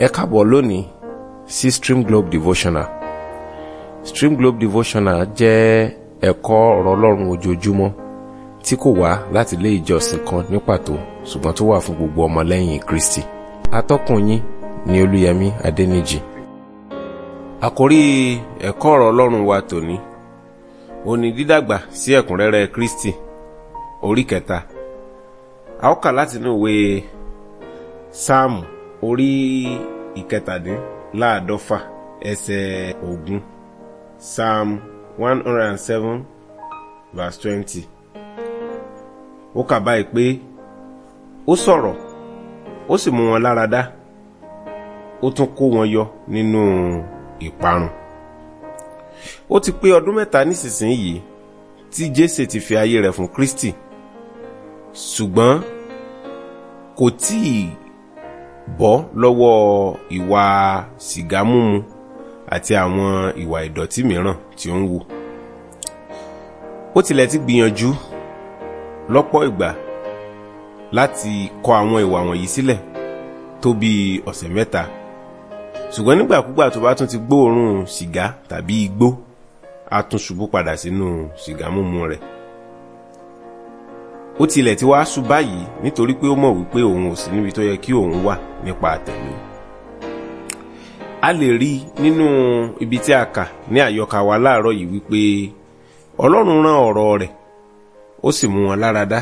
ẹ káàbọ̀ lónìí sí Stream Globe Devotional Stream Globe Devotional jẹ́ ẹ̀kọ́ ọ̀rọ̀ ọlọ́run ojoojúmọ́ tí kò wá láti ilé ìjọsìn kan ní pàtó ṣùgbọ́n tó wà fún gbogbo ọmọlẹ́yìn Kristi atọ́kùn yín ni Olúyẹmí Adẹ́nìjì àkórí ẹ̀kọ́ ọ̀rọ̀ ọlọ́run wa tòní ó ní dídàgbà sí ẹ̀kúnrẹ́rẹ́ Kristi orí kẹta a ó kà látinú ìwé Sáàmù orí ìkẹtàdínláàdọ́fà ẹsẹ̀ ogún psalm one hundred and seven verse twenty ó kà báyìí pé ó sọ̀rọ̀ ó sì mú wọn lára dá ó tún kó wọn yọ nínú ìparun ó ti pé ọdún mẹ́ta nísinsìnyí tí Jésè ti fi ayé rẹ̀ fún Kristi ṣùgbọ́n kò tíì bọ́ lọ́wọ́ ìwà sìgá mímu àti àwọn ìwà ìdọ̀tí mìíràn tí ó ń wù. ó tilẹ̀ ti gbìyànjú lọ́pọ̀ ìgbà láti kọ àwọn ìwà wọ̀nyí sílẹ̀ tó bí ọ̀sẹ̀ mẹ́ta ṣùgbọ́n nígbàkúgbà tó bá tún ti gbóòórùn sìgá tàbí igbó a tún ṣubú padà sínú sìgá mímu rẹ̀. ó tilẹ̀ ti wá ṣu báyìí nítorí pé ó mọ̀ wípé òun ò sí níbi tó yẹ kí òun wà nípa àtẹ̀lé a lè rí nínú ibi tí a kà ní àyọkà wa láàárọ̀ yìí wípé ọlọ́run rán ọ̀rọ̀ rẹ̀ ó sì mú wọn lára dá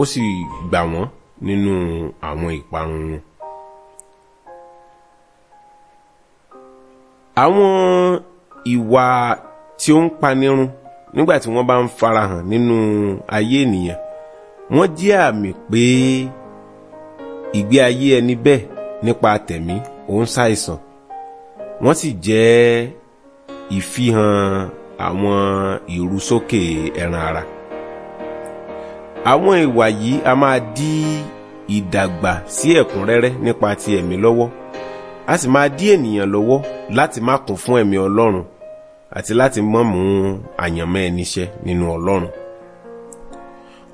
ó sì gbà wọ́n nínú àwọn ìparun wọn. àwọn ìwà tí ó ń panirun nígbà tí wọ́n bá ń farahàn nínú ayé ènìyàn wọ́n jẹ́ àmì pé ìgbé ayé ẹni bẹ́ẹ̀ nípa tẹ̀mí òun ṣàìsàn wọ́n sì jẹ́ ìfihàn àwọn ìrúsókè ẹran ara àwọn ìwà yìí a máa dí ìdàgbà sí ẹ̀kúnrẹ́rẹ́ nípa ti ẹ̀mí lọ́wọ́ a sì máa dí ènìyàn lọ́wọ́ láti má kún fún ẹ̀mí Ọlọ́run àti láti mọ̀ mú àyànmọ́ ẹni ṣẹ nínú ọlọ́run.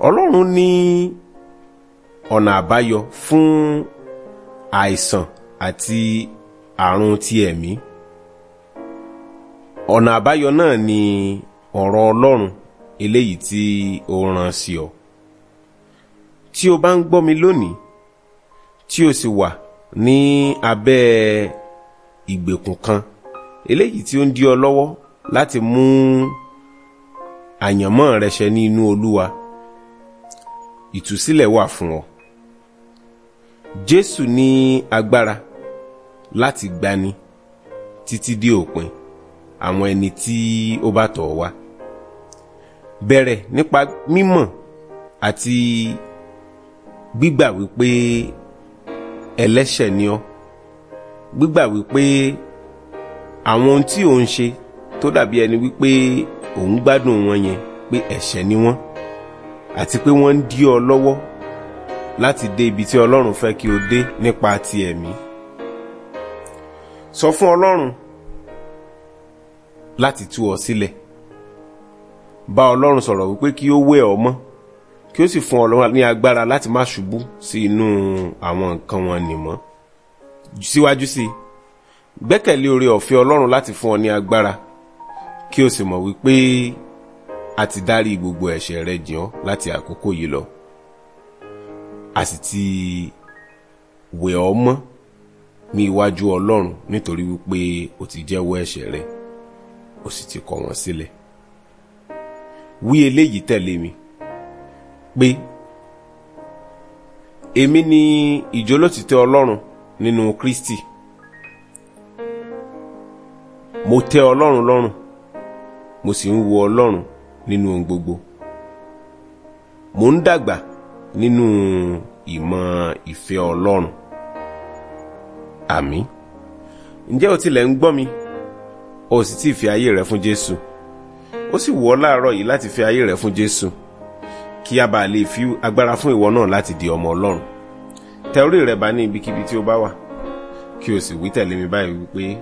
ọlọ́run ní ọ̀nà àbáyọ fún àìsàn àti àrùn ti ẹ̀mí. ọ̀nà àbáyọ náà ni ọ̀rọ̀ ọlọ́run eléyìí tí ó rán sí ọ. tí o bá ń gbọ́ mi lónìí tí o sì wà ní abẹ́ ìgbèkùn kan eléyìí tí ó ń dí ọ lọ́wọ́ láti mú àyànmọ́ rẹ ṣẹ ní inú olúwa ìtúsílẹ̀ wà fún ọ jésù ní agbára láti gbani títí dé òpin àwọn ẹni tí ó bá tọ̀ wá bẹ̀rẹ̀ nípa mímọ̀ àti gbígbà wípé ẹlẹ́ṣẹ̀ ni ọ́ gbígbà wípé àwọn ohun tí ò ń ṣe tó dàbí ẹni wípé òun gbádùn wọn yẹn pé ẹ̀ṣẹ̀ ni wọ́n àti pé wọ́n ń dí ọ lọ́wọ́ láti dé ibi tí ọlọ́run fẹ́ kí o dé nípa ti ẹ̀mí sọ fún ọlọ́run láti tú ọ sílẹ̀ bá ọlọ́run sọ̀rọ̀ wípé kí ó wẹ̀ ọ mọ́ kí ó sì fún ọlọ́run ní agbára láti má ṣubú sí inú àwọn nǹkan wọn nìmọ́ síwájú sí gbẹ́kẹ̀lé oore ọ̀fẹ́ ọlọ́run láti fún ọ ní agbára kí o sì mọ̀ wípé a ti dárí gbogbo ẹ̀ṣẹ̀ rẹ jìn ọ́ láti àkókò yìí lọ a sì ti wẹ̀ ọ́ mọ́ ní iwájú ọlọ́run nítorí wípé o ti jẹ́wọ́ ẹ̀ṣẹ̀ rẹ o sì ti kọ̀ wọ́n sílẹ̀ wí eléyìí tẹ̀lé mi pé èmi ni ìjólótìtẹ́ ọlọ́run nínú Kristi mo tẹ́ ọlọ́run lọ́rùn mo sì ń wo ọlọ́run nínú ohun gbogbo mo ń dàgbà nínú ìmọ̀ ìfẹ́ ọlọ́run àmín ǹjẹ́ o tilẹ̀ ń gbọ́ mi o sì ti fi ayé rẹ fún jésù ó sì wù láàárọ̀ yìí láti fi ayé rẹ fún jésù kí a bàa lè fi agbára fún ìwọ náà láti di ọmọ ọlọ́run tẹ orí rẹ ba ní ibikíbi tí o bá wà kí o sì wí tẹ̀lé mi báyìí wípé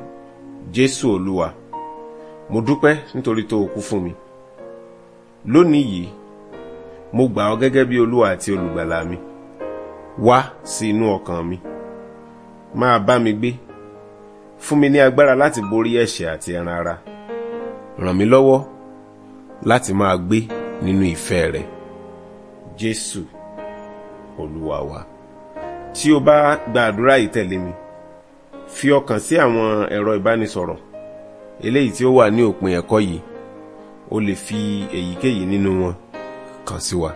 jésù olúwa mo dúpẹ́ nítorí tó o kú fún mi lónìí yìí mo gbà ọ́ gẹ́gẹ́ bí olúwa àti olùgbàlà mi wá sí inú ọkàn mi máa bá mi gbé fún mi ní agbára láti borí ẹ̀ṣẹ̀ àti ẹran ara ràn mí lọ́wọ́ láti máa gbé nínú ìfẹ́ rẹ jésù olúwa wa tí o bá gbàdúrà yìí tẹ̀lé mi fi ọkàn sí àwọn ẹ̀rọ ìbánisọ̀rọ̀ eléyìí tí ó wà ní òpin ẹ̀kọ́ yìí o lè fi èyíkéyìí nínú wọn kàn sí wa.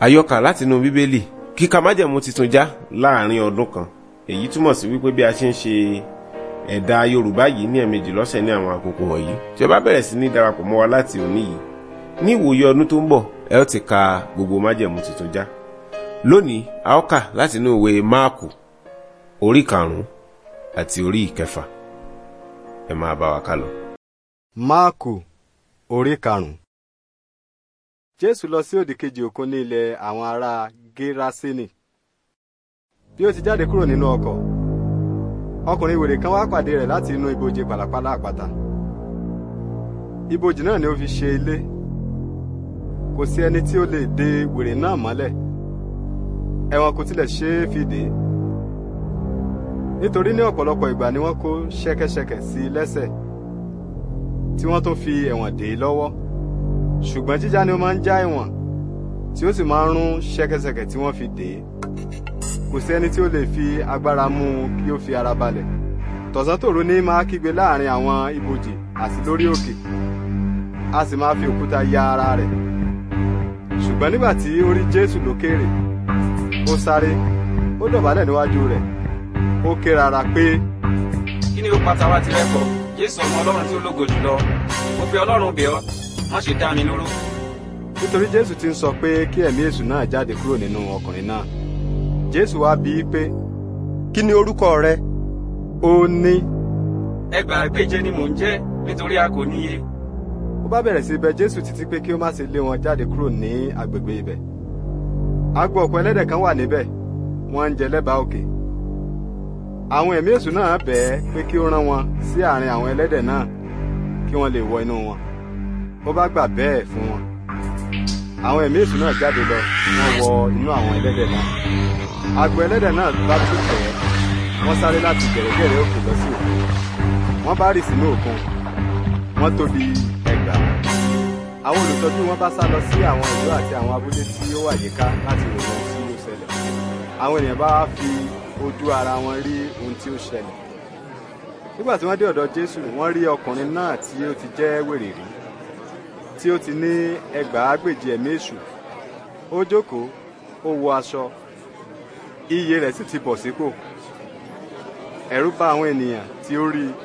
àyọkà látinú bíbélì kíka májẹ̀mú titun já láàrin ọdún kan èyí túmọ̀ sí wípé bí a ṣe ń ṣe ẹ̀dà yorùbá yìí ní ẹ̀mejì lọ́sẹ̀ ní àwọn àkókò wọ̀nyí tí o bá bẹ̀rẹ̀ sí ní darapọ̀ mọ́ wa láti òní yìí ní ìwòye ọdún tó ń bọ̀ ẹ ó ti ka gbogbo májẹ̀mú titun já lónìí a látinú ìwé máàkù orí karùn àti orí ìkẹfà ẹ máa bá wa kálọ. máàkù orí karùn-ún. jésù lọ sí òdìkejì òkun ní ilẹ̀ àwọn ará gérásínì bí ó ti jáde kúrò nínú ọkọ̀ ọkùnrin wèrè kan wá pàdé rẹ̀ láti inú ibojì pàlàpàlà àpáta ibojì náà ni ó fi ṣe ilé kò sí ẹni tí ó lè dè wèrè náà mọ́lẹ̀ ẹ̀wọ̀n kò tilẹ̀ ṣeé fi dè nítorí ní ọ̀pọ̀lọpọ̀ ìgbà ni wọ́n kó ṣẹ́kẹ́ṣẹkẹ̀ sí i lẹ́sẹ̀ tí wọ́n tó fi ẹ̀wọ̀n dè é lọ́wọ́ ṣùgbọ́n jíjá ni ó máa ń já ẹ̀wọ̀n tí ó sì máa ń rún ṣẹ́kẹ́ṣẹkẹ̀ tí wọ́n fi dè é kò sí ẹni tí ó lè fi agbára mú un kí ó fi ara balẹ̀ tọ̀sán-tòru ní máa kígbe láàrin àwọn ibojì àti lórí òkè a sì máa fi òkúta ya ara rẹ̀ ṣùgbọ́n nígbà tí ó rí Jésù lókèrè ó sáré ó dọ̀bálẹ̀ níwájú rẹ̀ ó ké rara pé. kí ni ó pa tàwa ti lẹ́kọ̀ọ́ jésù ọmọ ọlọ́run tí ó lógo jùlọ mo fi ọlọ́run bẹ̀ ọ́ má ṣe dá mi lóró. nítorí jésù ti ń sọ pé kí ẹ̀mí èṣù náà jáde kúrò nínú ọkùnrin náà jésù wá bíi pé. kí orúkọ rẹ. ó ní. ẹgbàá péje ni mò ń nítorí a kò níye ó bá bẹ̀rẹ̀ sí bẹ jésù títí pé kí wọn jáde kúrò ní agbègbè ibẹ̀ agbo ọ̀pọ̀ ẹlẹ́dẹ̀ kan wà níbẹ̀ wọ́n ń jẹ lẹ́bàá àwọn ẹ̀mí èṣù náà bẹ̀ ẹ́ pé kí ó rán wọn sí àárín àwọn ẹlẹ́dẹ̀ náà kí wọ́n lè wọ inú wọn ó bá gbà bẹ́ẹ̀ fún wọn àwọn ẹ̀mí èṣù náà jáde lọ wọ́n wọ inú àwọn ẹlẹ́dẹ̀ náà agbo ẹlẹ́dẹ̀ náà bá tún tẹ̀ ẹ́ wọ́n sáré láti gẹ̀rẹ́gẹ̀rẹ́ òkè lọ sí òkun wọ́n bá rì sínú òkun wọ́n tóbi ẹgbàá àwọn olùtọ́jú wọn bá sá lọ sí àwọn ìlú àti àwọn abúlé tí ó wà yíká láti wò wọn sí ó ṣẹlẹ̀ àwọn ènìyàn bá fi ojú ara wọn rí ohun tí ó ṣẹlẹ̀ nígbà tí wọ́n dé ọ̀dọ̀ jésù wọ́n rí ọkùnrin náà tí ó ti jẹ́ wèrè rí tí ó ti ní ẹgbàágbèje ẹ̀mí èṣù ó jókòó ó wọ aṣọ iyè rẹ̀ sì ti bọ̀ sípò ẹ̀rù bà àwọn ènìyàn tí ó rí i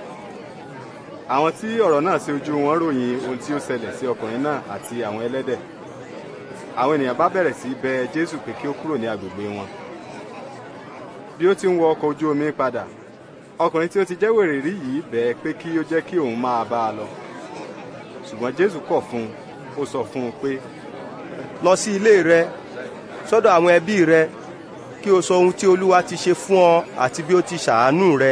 àwọn tí ọ̀rọ̀ náà sí ojú wọn ròyìn ohun tí ó ṣẹlẹ̀ sí ọkùnrin náà àti àwọn ẹlẹ́dẹ̀ àwọn ènìyàn bá bẹ̀rẹ̀ sí bẹ̀ jésù pé kí ó kúrò ní agbègbè wọn bí ó ti ń wọ ọkọ̀ ojú omi padà ọkùnrin tí ó ti jẹ́ wèrè rí yìí bẹ̀ẹ́ pé kí ó jẹ́ kí òun máa bá a lọ ṣùgbọ́n jésù kọ̀ fún un ó sọ fún un pé. lọ sí ilé rẹ sọ́dọ̀ àwọn ẹbí rẹ kí o sọ ohun tí olúwa ti ṣe fún ọ àti bí ó ti ṣàánú rẹ.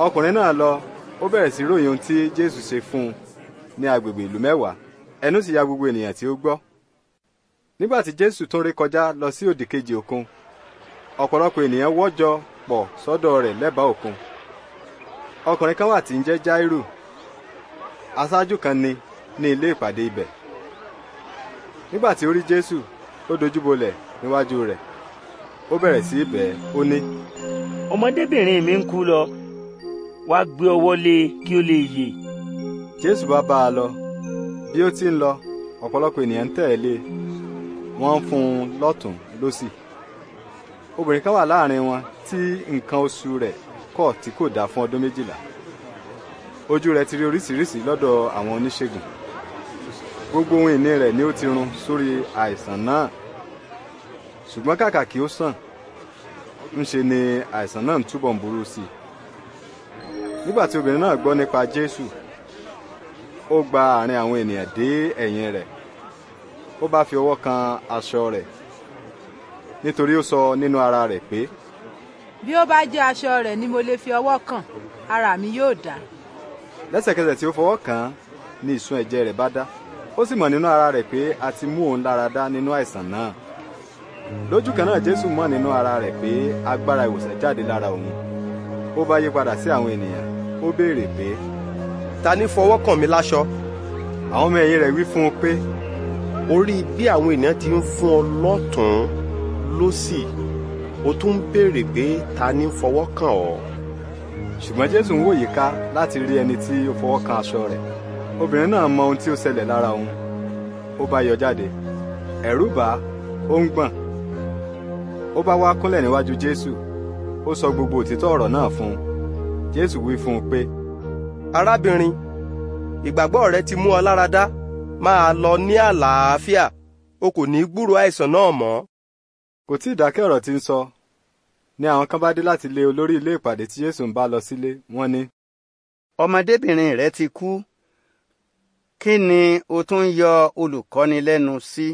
ọkùnrin náà lọ ó bẹ̀rẹ̀ sí ròyìn ohun tí jésù ṣe fún un ní agbègbè ìlú mẹ́wàá ẹnu sì ya gbogbo ènìyàn tí ó gbọ́. nígbà tí jésù tún rékọjá lọ sí òdìkejì òkun ọ̀pọ̀lọpọ̀ ènìyàn wọ́jọ pọ̀ sọ́dọ̀ rẹ̀ lẹ́bàá òkun ọkùnrin kan wà tí ń jẹ́ Jáírù aṣáájú kan ni ní ilé ìpàdé ibẹ̀ nígbà tí ó rí Jésù ó dojúbolẹ̀ níwájú rẹ̀ ó bẹ̀rẹ̀ sí í bẹ̀ ẹ́ ó ní. ọmọdébìnrin mi ń kú lọ wá gbé ọwọ́ lé e kí ó lè yè. Jésù bá bá a lọ bí ó ti ń lọ ọ̀pọ̀lọpọ̀ ènìyàn ń tẹ̀lé e. wọ́n ń fún un lọ́tùn lósì obìnrin kan wà láàrin wọn tí nǹkan oṣù rẹ̀ kọ̀ tí kò dáa fún ọdún méjìlá ojú rẹ̀ ti rí oríṣiríṣi lọ́dọ̀ àwọn oníṣègùn gbogbo ohun ìní rẹ̀ ni ó ti run sórí àìsàn náà ṣùgbọ́n kàkà kí ó sàn ńṣe ni àìsàn náà ń túbọ̀ ń burú sí i nígbà tí obìnrin náà gbọ́ nípa Jésù ó gba àárín àwọn ènìyàn dé ẹ̀yìn rẹ̀ ó bá fi ọwọ́ kan aṣọ rẹ̀ nítorí ó sọ nínú ara rẹ̀ pé. bí ó bá jẹ́ aṣọ rẹ̀ ni mo lè fi ọwọ́ kàn ara mi yóò dá. lẹ́sẹ̀kẹsẹ̀ tí ó fọwọ́ kàn án ni ìsun ẹ̀jẹ̀ rẹ̀ bá dá ó sì mọ̀ nínú ara rẹ̀ pé a ti mú òun lára dá nínú àìsàn náà lójú kan náà jésù mọ̀ nínú ara rẹ̀ pé agbára ìwòsàn jáde lára òun ó bá yí padà sí àwọn ènìyàn ó béèrè pé. ta ni fọwọ́ kàn mí láṣọ. àwọn ọmọ ẹ̀yìn rẹ̀ wí fún un pé. orí bí àwọn ènìyàn ti ń fún ọ lọ́tùn lósì o tún ń béèrè pé ta ni ń fọwọ́ kàn ọ́. ṣùgbọ́n jésù ń wò yíká láti rí ẹni tí ó fọwọ́ kan aṣọ rẹ̀ obìnrin náà mọ ohun tí ó ṣẹlẹ̀ lára òun ó bá yọ jáde ẹ̀rù bà ó ń gbọ̀n ó bá wá kúnlẹ̀ níwájú jésù ó sọ gbogbo òtítọ́ ọ̀rọ̀ náà fún un jésù wí fún un pé arábìnrin ìgbàgbọ́ rẹ ti mú ọ lára dá máa lọ ní àlàáfíà o kò ní gbúròó àìsàn náà mọ́ kò tí ì dákẹ́ ọ̀rọ̀ tí ń sọ ni àwọn kan bá dé láti lé olórí ilé ìpàdé tí Jésù ń bá lọ sílé wọ́n ní. ọmọdébìnrin rẹ ti kú kí ni o tún ń yọ olùkọ́ni lẹ́nu sí.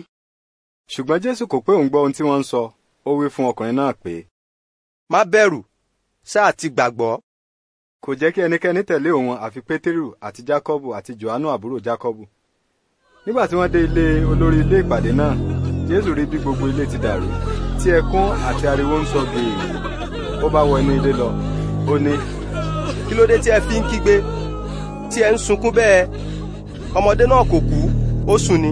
ṣùgbọ́n Jésù kò pé òun gbọ́ ohun tí wọ́n ń sọ ó wí fún ọkùnrin náà pé. má bẹ̀rù ṣáà ti gbàgbọ́. kò jẹ́ kí ẹnikẹ́ni tẹ̀lé òun àfi Pétérù àti Jákọ́bù àti Jòhánù àbúrò Jákọ́bù. nígbà tí wọ́n dé ilé olórí ilé ìpàdé náà Jésù rí bí gbogbo ilé ti dàrú tí ẹkún àti ariwo ń sọ gèè ó bá wọ inú ilé lọ ó ní. kí ló dé tí ẹ fi ń kígbe tí ẹ ń sunkún bẹ́ẹ̀ ọmọdé náà kò kú ó sùn ni.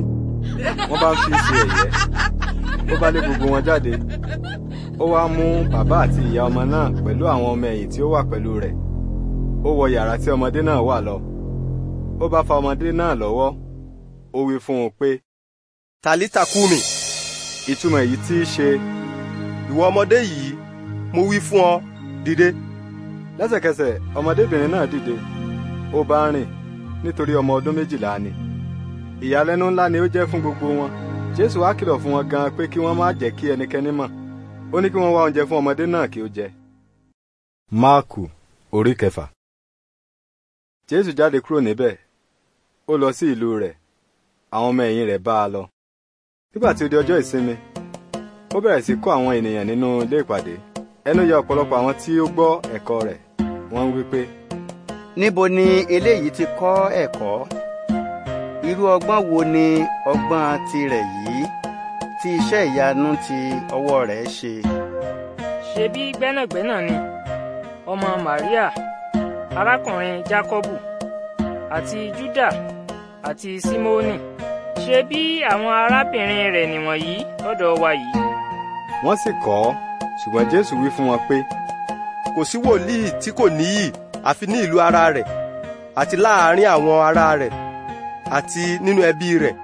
wọ́n bá ń fi ṣe ẹ̀yẹ́ ó bá lé gbogbo wọn jáde ó wá mú bàbá àti ìyá ọmọ náà pẹ̀lú àwọn ọmọ ẹ̀yìn tí ó wà pẹ̀lú rẹ̀ ó wọ yàrá tí ọmọdé náà wà lọ ó bá fa ọmọdé náà lọ́wọ́ ó wí fún un pé tàlítàkùmí ìtumọ̀ èyí tí í ṣe ìwọ ọmọdé yìí mo wí fún ọ dìde lẹ́sẹ̀kẹsẹ̀ ọmọdébìnrin náà dìde ó bá rìn nítorí ọmọ ọdún méjìlá ni ìyàlẹ́nu ńlá ni ó jẹ́ fún gbogbo wọn jésù á kìlọ̀ fún wọn gan pé kí wọ́n má jẹ́ kí ẹnikẹ́ni mọ̀ ó ní kí wọ́n wá oúnjẹ fún ọmọdé náà kí ó jẹ. máàkù orí kẹfà. jésù jáde kúrò níbẹ̀ ó lọ sí ìlú rẹ̀ àwọn ọmọ ẹ̀yìn rẹ̀ bá a lọ nígbà tí ó di ọjọ́ ìsinmi ó bẹ̀rẹ̀ sí kọ́ àwọn ènìyàn nínú ilé ìpàdé ẹnu yà ọ̀pọ̀lọpọ̀ àwọn tí ó gbọ́ ẹ̀kọ́ rẹ̀ wọ́n wí pé. níbo ni eléyìí ti kọ́ ẹ̀kọ́ irú ọgbọ́n wo ni ọgbọ́n tirẹ̀ yìí tí iṣẹ́ ìyanu ti ọwọ́ rẹ̀ ṣe. ṣebí gbẹ́nàgbẹ́nà ni ọmọ Maria, arákùnrin Jákọ́bù àti Júdà àti Simoni ṣe bí àwọn arábìnrin rẹ̀ nìwọ̀nyí lọ́dọ̀ wa yìí. wọ́n sì kọ̀ ọ́ ṣùgbọ́n jésù wí fún wọn pé. kò sí wòlíì tí kò níyì àfi ní ìlú ara rẹ̀ àti láàárín àwọn ará rẹ̀ àti nínú ẹbí rẹ̀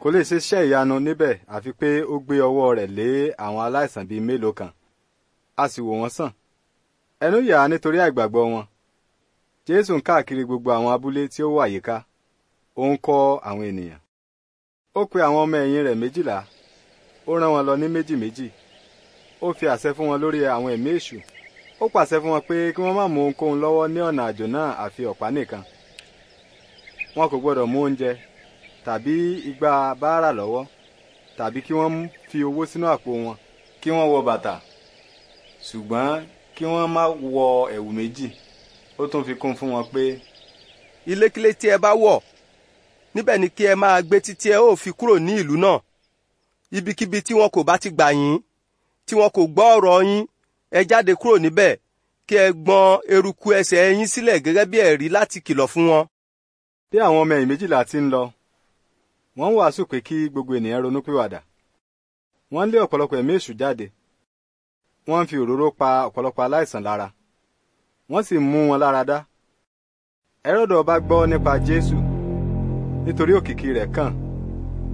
kò lè ṣe iṣẹ́ ìyanu níbẹ̀ àfi pé ó gbé ọwọ́ rẹ̀ lé àwọn aláìsàn bíi mélòó kan a sì wò wọ́n sàn ẹnu yà á nítorí àìgbàgbọ́ wọn jésù ń káàkiri gbogbo àwọn abúlé tí ó wà yíká ó ń kọ́ àwọn ènìyàn ó pe àwọn ọmọ ẹ̀yìn rẹ̀ méjìlá ó rán wọn lọ ní méjì méjì ó fi àṣẹ fún wọn lórí àwọn ẹ̀mí èṣù ó pàṣẹ fún wọn pé kí wọ́n má mú ohunkóhun lọ́wọ́ ní ọ̀nà àjò náà àfi ọ̀pá nìkan wọn kò gbọdọ̀ mú oúnjẹ tàbí igba báárà lọ́wọ́ tàbí kí wọ́n fi owó sínú àpò wọn kí wọ́n wọ bàtà ṣùgbọ́n kí wọ́n má wọ ẹ̀wù méjì ó tún fi kún fún wọn pé. ilékílé tí ẹ bá wọ̀ níbẹ̀ ni kí ẹ máa gbé títí ẹ ó fi kúrò ní ìlú náà ibikíbi tí wọn kò bá ti gbà yín tí wọn kò gbọ́ ọ̀rọ̀ yín ẹ jáde kúrò níbẹ̀ kí ẹ gbọn eruku ẹsẹ̀ yín sílẹ̀ gẹ́gẹ́ bí ẹ̀rí láti kìlọ̀ fún wọn. bí àwọn ọmọ ẹ̀yìn méjìlá ti ń lọ wọ́n ń wàásù pé kí gbogbo ènìyàn ronú pìwàdà wọ́n lé ọ̀pọ̀lọpọ̀ ẹ̀mí èṣù jáde wọ́n ń fi òróró pa ọ̀pọ̀lọpọ̀ aláìsàn lára wọ́n sì mú wọn lára dá ọba gbọ́ nípa Jésù nítorí òkìkí rẹ̀ kàn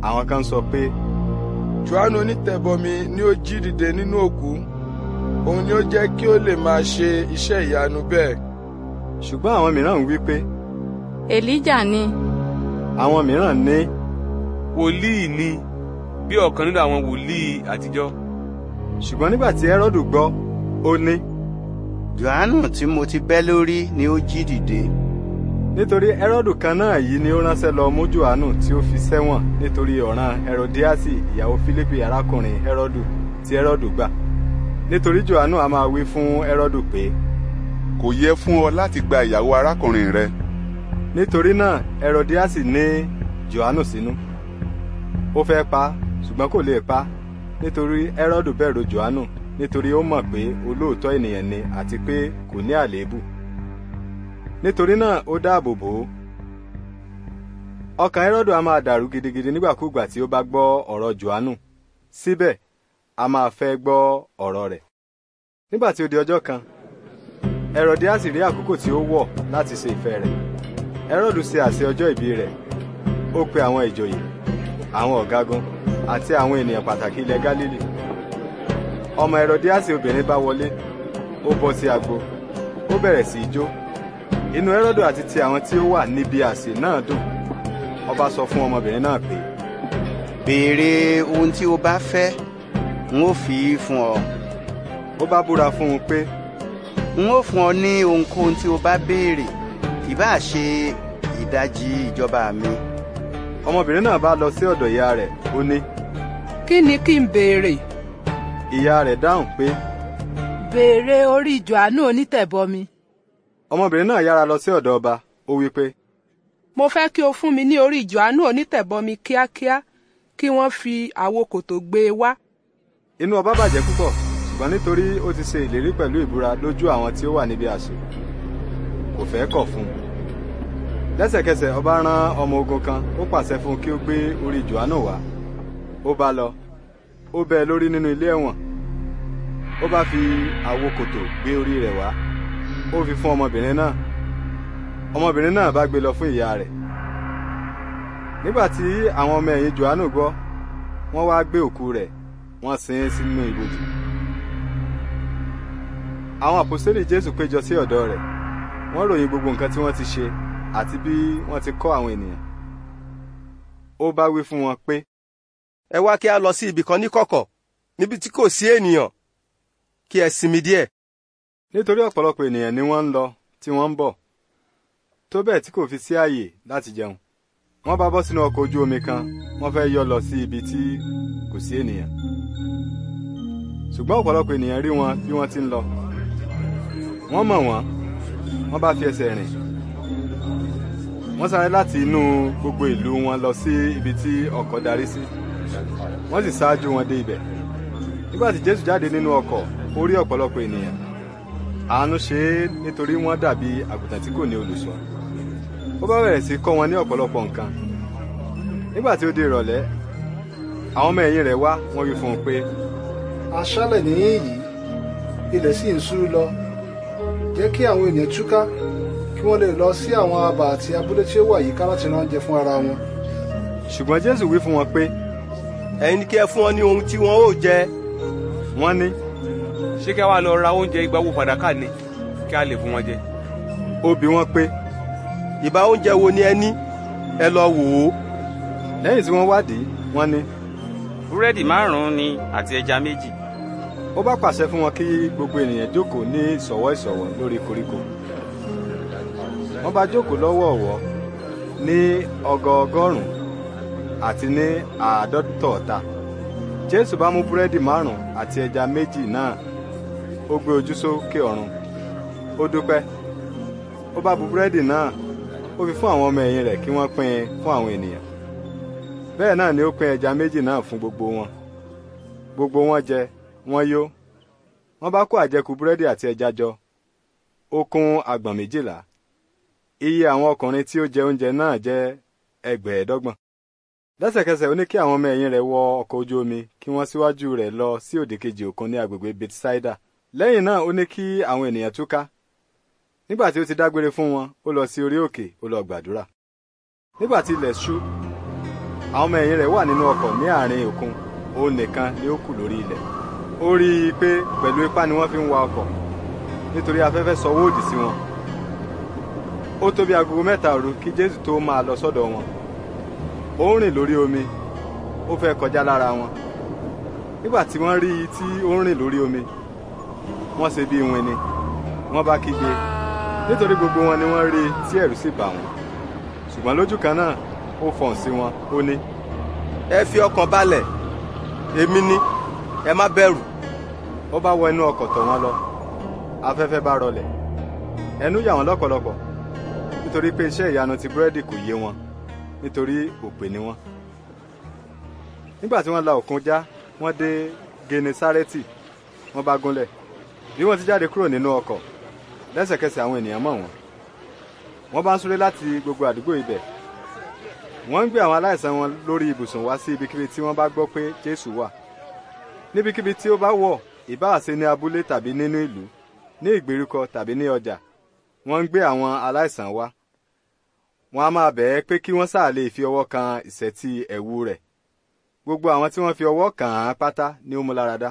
àwọn kan sọ pé. Jòhánù onítẹ̀bọmi ni ó jí dìde nínú òkú òun ni ó jẹ́ kí ó lè máa ṣe iṣẹ́ ìyanu bẹ́ẹ̀. ṣùgbọ́n àwọn mìíràn ń wí pé. èlíjà ni. àwọn mìíràn ní. wòlíì ni bí ọ̀kan nínú àwọn wòlíì àtijọ́. ṣùgbọ́n nígbà tí Hẹ́rọ́dù gbọ́ ó ní. Jòhánù tí mo ti bẹ́ lórí ni ó jí dìde nítorí Hẹ́rọ́dù kan náà yìí ni ó ránṣẹ́ lọ mú Jòhánù tí ó fi sẹ́wọ̀n nítorí ọ̀ràn Hẹ́rodiásì ìyàwó Fílípì arákùnrin Herodu tí Hẹ́rọ́dù gbà nítorí Jòhánù a máa wí fún Hẹ́rọ́dù pé. kò yẹ fún ọ láti gba ìyàwó arákùnrin rẹ. nítorí náà Hẹ́rodiásì ní Jòhánù sínú ó fẹ́ pa ṣùgbọ́n kò lè pa nítorí Herodu bẹ̀rù Jòhánù nítorí ó mọ̀ pé olóòótọ́ ènìyàn ni àti pé kò ní àléébù nítorí náà ó dáàbò bò ó ọkàn Hẹ́rọ́dù a máa dàrú gidigidi nígbàkúgbà tí ó bá gbọ́ ọ̀rọ̀ Jòhánù síbẹ̀ a máa fẹ́ gbọ́ ọ̀rọ̀ rẹ̀ nígbà tí ó di ọjọ́ kan Hẹ́rọ́díásì rí àkókò tí ó wọ̀ láti ṣe ìfẹ́ rẹ̀ Hẹ́rọ́dù ṣe àsè ọjọ́ ìbí rẹ̀ ó pe àwọn ìjòyè àwọn ọ̀gágun àti àwọn ènìyàn pàtàkì ilẹ̀ Gálílì ọmọ Hẹ́rọ́díásì obìnrin bá wọlé ó bọ́ sí agbo ó bẹ̀rẹ̀ sí í jó inú Hẹ́rọ́dù àti ti àwọn tí ó wà níbi àsè náà dùn ọba sọ fún ọmọbìnrin náà pé. béèrè ohun tí o bá fẹ́ n ó fi í fún ọ. ó bá búra fún un pé. n ó fún ọ ní ohunkóhun tí o bá béèrè ìbáà ṣe ìdajì ìjọba mi. ọmọbìnrin náà bá lọ sí ọ̀dọ̀ ìyá rẹ̀ ó ní. kí ni kí n béèrè. ìyá rẹ̀ dáhùn pé. béèrè orí ìjọ àánú onítẹ̀bọmi ọmọbìnrin náà yára lọ sí ọ̀dọ̀ ọba ó wí pé. mo fẹ́ kí o fún mi ní orí Jòhánù onítẹ̀bọmi kíákíá kí wọ́n fi àwo kòtò gbé e wá. inú ọba bàjẹ́ púpọ̀ ṣùgbọ́n nítorí ó ti ṣe ìlérí pẹ̀lú ìbúra lójú àwọn tí ó wà níbi àṣẹ kò fẹ́ kọ̀ fún un lẹ́sẹ̀kẹsẹ̀ ọba rán ọmọ ogun kan ó pàṣẹ fún kí ó gbé orí Jòhánù wá ó bá lọ ó bẹ́ lórí nínú ilé ẹ̀wọ̀n ó bá fi àwo kòtò gbé orí rẹ̀ wá ó fi fún ọmọbìnrin náà ọmọbìnrin náà bá gbé lọ fún ìyá rẹ̀ nígbà tí àwọn ọmọ ẹ̀yìn Jòhánù gbọ́ wọ́n wá gbé òkú rẹ̀ wọ́n sin ín sínú ibojì àwọn àpòsílẹ̀ Jésù péjọ sí ọ̀dọ̀ rẹ̀ wọ́n ròyìn gbogbo nǹkan tí wọ́n ti ṣe àti bí wọ́n ti kọ́ àwọn ènìyàn ó bá wí fún wọn pé. ẹ wá kí a lọ sí ibì kan níkọ̀kọ̀ níbi tí kò sí ènìyàn kí ẹ sinmi díẹ̀ nítorí ọ̀pọ̀lọpọ̀ ènìyàn ni wọ́n ń lọ tí wọ́n ń bọ̀ tó bẹ́ẹ̀ tí kò fi sí ààyè láti jẹun wọ́n bá bọ́ sínú ọkọ̀ ojú omi kan wọ́n fẹ́ yọ lọ sí ibi tí kò sí ènìyàn ṣùgbọ́n ọ̀pọ̀lọpọ̀ ènìyàn rí wọn bí wọ́n ti ń lọ wọ́n mọ̀ wọ́n wọ́n bá fi ẹsẹ̀ rìn wọ́n sáré láti inú gbogbo ìlú wọn lọ sí ibi tí ọkọ̀ darí sí wọ́n sì ṣáájú wọn dé ibẹ̀ nígbà tí Jésù jáde nínú ọkọ̀ ó rí ọ̀pọ̀lọpọ̀ ènìyàn àánú ṣe é nítorí wọ́n dàbí àgùntàn tí kò ní olùṣọ́ ó bá bẹ̀rẹ̀ sí kọ́ wọn ní ọ̀pọ̀lọpọ̀ nǹkan nígbà tí ó di ìrọ̀lẹ́ àwọn ọmọ ẹ̀yìn rẹ̀ wá wọ́n wí fún un pé. aṣálẹ̀ nìyí yìí ilẹ̀ sì ń ṣú lọ jẹ́ kí àwọn ènìyàn túká kí wọ́n lè lọ sí àwọn abà àti abúlé tí ó wà yíká láti rán oúnjẹ fún ara wọn. ṣùgbọ́n jésù wí fún wọn pé. ẹ̀yin kí ẹ fún wọn ní ohun tí wọn ó jẹ. wọ́n ní ṣé kí a wá lọ ra oúnjẹ igba owó fàdákà ni kí a lè fún wọn jẹ. ó bi wọ́n pé ìbá oúnjẹ wo ni ẹ ní ẹ lọ wò ó lẹ́yìn tí wọ́n wádìí wọ́n ní. búrẹ́dì márùn-ún ni àti ẹja méjì. ó bá pàṣẹ fún wọn kí gbogbo ènìyàn jókòó ní ìṣọ̀wọ́ ìṣọ̀wọ́ lórí koríko wọ́n bá jókòó lọ́wọ́ọ̀wọ́ ní ọgọọgọ́rùn-ún àti ní àádọ́tọ̀ọ̀ta jésù bá mú búrẹ́dì márùn-ún àti ẹja méjì náà ogbe gbé ojú sókè ọ̀run ó dúpẹ́ ó bá bu búrẹ́dì náà ó fi fún àwọn ọmọ ẹ̀yìn rẹ̀ kí wọ́n pín in fún àwọn ènìyàn bẹ́ẹ̀ náà ni ó pin ẹja méjì náà fún gbogbo wọn gbogbo wọn jẹ wọn yó wọ́n bá kó àjẹkù búrẹ́dì àti ẹja jọ ó kún agbọ̀n méjìlá iye àwọn ọkùnrin tí ó jẹ oúnjẹ náà jẹ ẹgbẹ̀ẹ́dọ́gbọ̀n lẹ́sẹ̀kẹsẹ̀ ó ní kí àwọn ọmọ ẹ̀yìn rẹ̀ wọ ọkọ̀ ojú omi kí wọ́n síwájú rẹ̀ lọ sí òdìkejì òkun ní agbègbè Bethsaida lẹ́yìn náà ó ní kí àwọn ènìyàn túká nígbà tí ó ti dágbére fún wọn ó lọ sí orí òkè ó lọ gbàdúrà nígbà tí ilẹ̀ ṣú àwọn ọmọ ẹ̀yìn rẹ̀ wà nínú ọkọ̀ ní àárín òkun òun nìkan ni ó kù lórí ilẹ̀ ó rí i pé pẹ̀lú ipá ni wọ́n fi ń wa ọkọ̀ nítorí afẹ́fẹ́ sọwọ́ òdì sí wọn ó tó agogo mẹ́ta òru kí jésù tó máa lọ sọ́dọ̀ wọn ó ń rìn lórí omi ó fẹ́ kọjá lára wọn nígbà tí wọ́n rí i tí ó ń rìn lórí omi wọ́n ṣe bíi wín ni wọ́n bá kígbe nítorí gbogbo wọn ni wọ́n rí i tí ẹ̀rù sì bà wọ́n ṣùgbọ́n lójú kan náà ó fọ̀n sí wọn ó ní. ẹ fi ọkàn balẹ̀ èmi ni ẹ má bẹ̀rù. ó bá wọ inú ọkọ̀ tọ̀ wọ́n lọ afẹ́fẹ́ bá rọlẹ̀ ẹnu yà wọ́n lọ́pọ̀lọpọ̀ nítorí pé iṣẹ́ ìyanu ti búrẹ́dì kò yé wọn nítorí òpè ni wọ́n. nígbà tí wọ́n la òkun já wọ́n dé Genesárẹ́tì wọ́n bá gúnlẹ̀ bí wọ́n ti jáde kúrò nínú ọkọ̀ lẹ́sẹ̀kẹsẹ̀ àwọn ènìyàn mọ̀ wọ́n wọ́n bá ń súré láti gbogbo àdúgbò ibẹ̀ wọ́n ń gbé àwọn aláìsàn wọn lórí ibùsùn wá sí ibikíbi tí wọ́n bá gbọ́ pé Jésù wà níbikíbi tí ó bá wọ̀ ìbáà ṣe ní abúlé tàbí nínú ìlú ní ìgbèríko tàbí ní ọjà wọ́n ń gbé àwọn aláìsàn wá wọ́n á máa bẹ̀ẹ́ pé kí wọ́n sáà lè fi ọwọ́ kan ìṣẹ́tí ẹ̀wù rẹ̀ gbogbo àwọn tí wọ́n fi ọwọ́ kàn án pátá ni ó mú láradá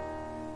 0244